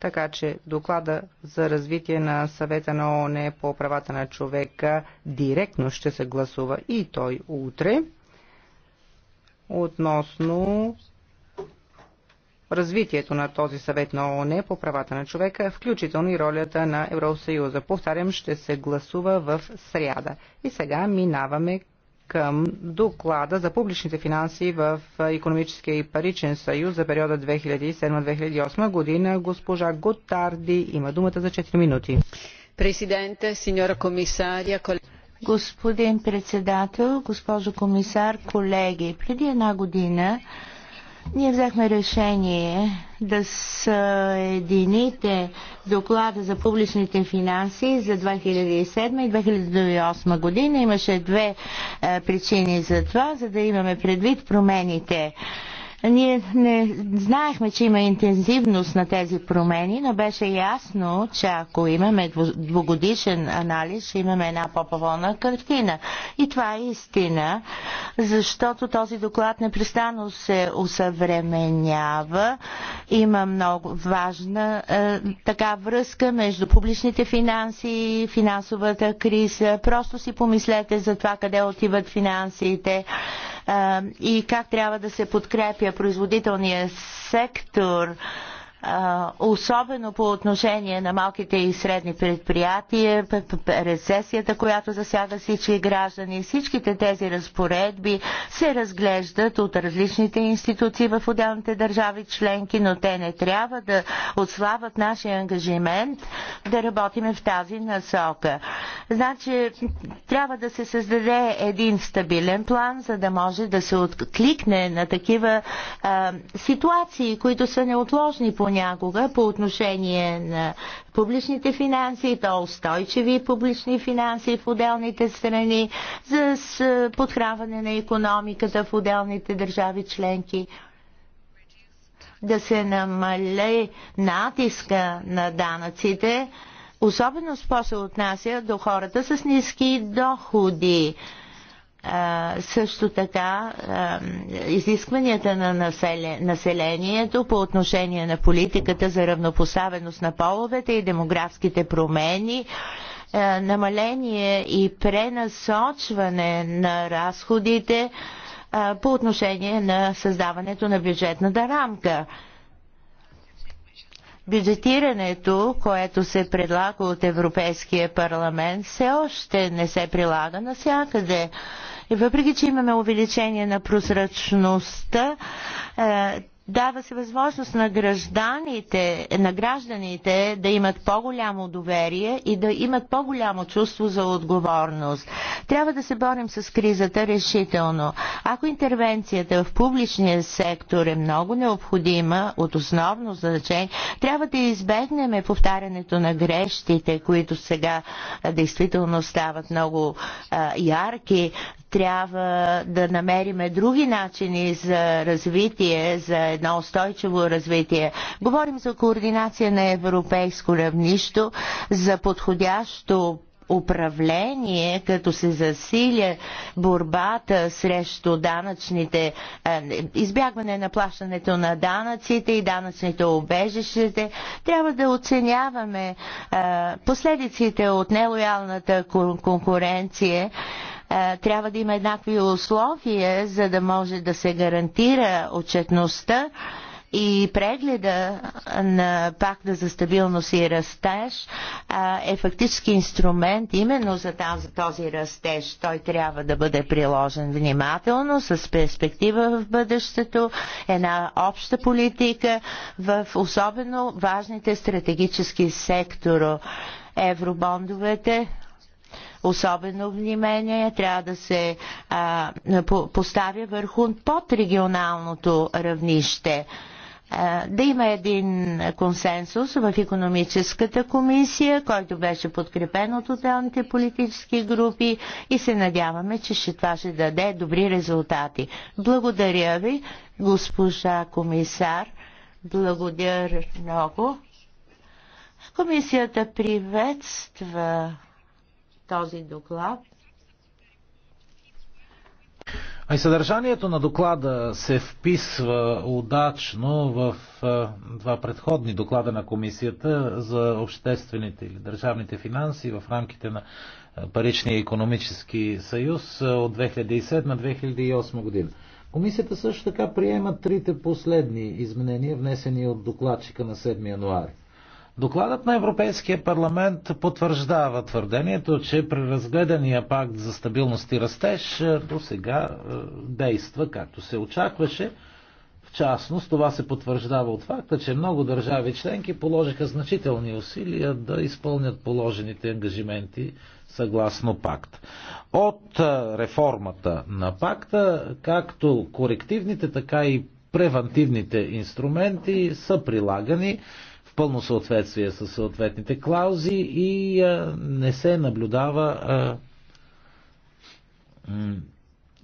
Така че доклада за развитие на съвета на ООН е по правата на човека директно ще се гласува и той утре относно развитието на този съвет на ООН по правата на човека, включително и ролята на Евросъюза. Повтарям, ще се гласува в сряда. И сега минаваме към доклада за публичните финанси в економическия и паричен съюз за периода 2007-2008 година. Госпожа Готарди има думата за 4 минути. Президент, сеньора комисария, колеги. Господин председател, госпожо комисар, колеги, преди една година ние взехме решение да съедините доклада за публичните финанси за 2007 и 2008 година. Имаше две е, причини за това, за да имаме предвид промените ние не знаехме, че има интензивност на тези промени, но беше ясно, че ако имаме двогодишен анализ, ще имаме една по-паволна картина. И това е истина, защото този доклад непрестанно се усъвременява. Има много важна е, така връзка между публичните финанси и финансовата криза. Просто си помислете за това къде отиват финансите и как трябва да се подкрепя производителния сектор особено по отношение на малките и средни предприятия, рецесията, която засяга всички граждани. Всичките тези разпоредби се разглеждат от различните институции в отделните държави членки, но те не трябва да отслабват нашия ангажимент да работиме в тази насока. Значи трябва да се създаде един стабилен план, за да може да се откликне на такива а, ситуации, които са неотложни понякога по отношение на публичните финанси, то устойчиви публични финанси в отделните страни, за подхранване на економиката в отделните държави членки да се намали натиска на данъците, Особено спо се отнася до хората с ниски доходи. А, е, също така а, е, изискванията на населе, населението по отношение на политиката за равнопоставеност на половете и демографските промени, а, е, намаление и пренасочване на разходите по отношение на създаването на бюджетната рамка. Бюджетирането, което се предлага от Европейския парламент, все още не се прилага навсякъде. И въпреки, че имаме увеличение на прозрачността, е, Дава се възможност на гражданите, на гражданите да имат по-голямо доверие и да имат по-голямо чувство за отговорност. Трябва да се борим с кризата решително. Ако интервенцията в публичния сектор е много необходима, от основно значение, трябва да избегнем повтарянето на грешките, които сега действително стават много а, ярки трябва да намериме други начини за развитие, за едно устойчиво развитие. Говорим за координация на европейско равнище, за подходящо управление, като се засиля борбата срещу данъчните, е, избягване на плащането на данъците и данъчните обежищите, трябва да оценяваме е, последиците от нелоялната конкуренция е, трябва да има еднакви условия, за да може да се гарантира отчетността и прегледа на пакта за стабилност и растеж е фактически инструмент именно за този растеж. Той трябва да бъде приложен внимателно, с перспектива в бъдещето, една обща политика в особено важните стратегически сектора евробондовете, особено внимание трябва да се а, по поставя върху подрегионалното равнище. да има един консенсус в економическата комисия, който беше подкрепен от отделните политически групи и се надяваме, че ще това ще даде добри резултати. Благодаря ви, госпожа комисар. Благодаря много. Комисията приветства този доклад. А и съдържанието на доклада се вписва удачно в два предходни доклада на комисията за обществените или държавните финанси в рамките на Паричния економически съюз от 2007-2008 година. Комисията също така приема трите последни изменения, внесени от докладчика на 7 януари. Докладът на Европейския парламент потвърждава твърдението, че преразгледания пакт за стабилност и растеж е, до сега е, действа както се очакваше. В частност, това се потвърждава от факта, че много държави членки положиха значителни усилия да изпълнят положените ангажименти съгласно пакт. От е, реформата на пакта, както корективните, така и превантивните инструменти са прилагани пълно съответствие с съответните клаузи и не се наблюдава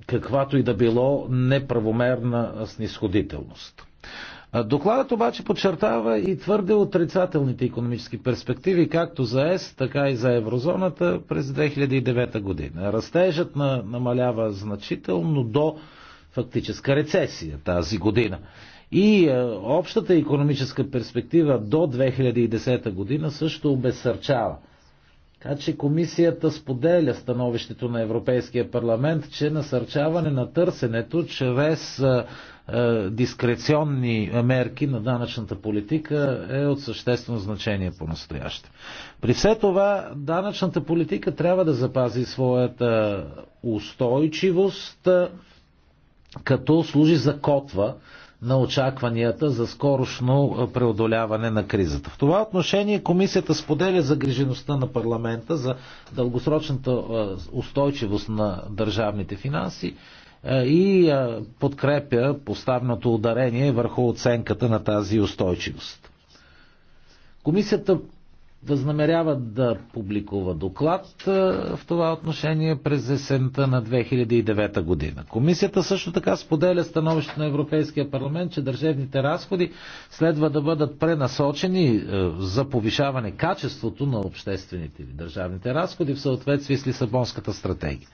каквато и да било неправомерна снисходителност. Докладът обаче подчертава и твърде отрицателните економически перспективи, както за ЕС, така и за еврозоната през 2009 година. Растежът на, намалява значително до фактическа рецесия тази година. И е, общата економическа перспектива до 2010 година също обесърчава. Така че комисията споделя становището на Европейския парламент, че насърчаване на търсенето чрез е, е, дискреционни мерки на данъчната политика е от съществено значение по-настояще. При все това данъчната политика трябва да запази своята устойчивост като служи за котва на очакванията за скорошно преодоляване на кризата. В това отношение комисията споделя загрижеността на парламента за дългосрочната устойчивост на държавните финанси и подкрепя поставеното ударение върху оценката на тази устойчивост. Комисията Възнамеряват да публикува доклад е, в това отношение през есента на 2009 година. Комисията също така споделя становището на Европейския парламент, че държавните разходи следва да бъдат пренасочени е, за повишаване качеството на обществените или държавните разходи в съответствие с Лисабонската стратегия.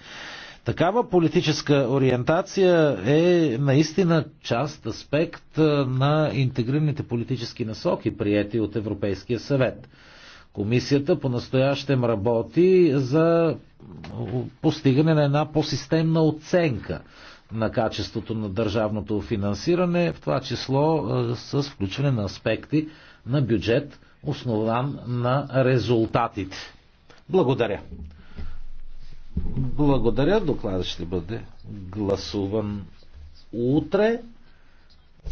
Такава политическа ориентация е наистина част, аспект е, на интегрираните политически насоки, прияти от Европейския съвет. Комисията по-настоящем работи за постигане на една по-системна оценка на качеството на държавното финансиране, в това число е, с включване на аспекти на бюджет, основан на резултатите. Благодаря. Благодаря. Докладът ще бъде гласуван утре.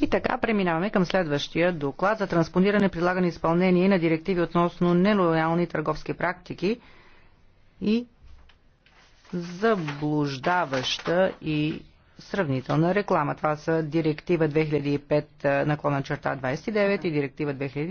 И така преминаваме към следващия доклад за транспониране, прилагане и изпълнение на директиви относно нелоялни търговски практики и заблуждаваща и сравнителна реклама. Това са директива 2005 наклона черта 29 и директива 2000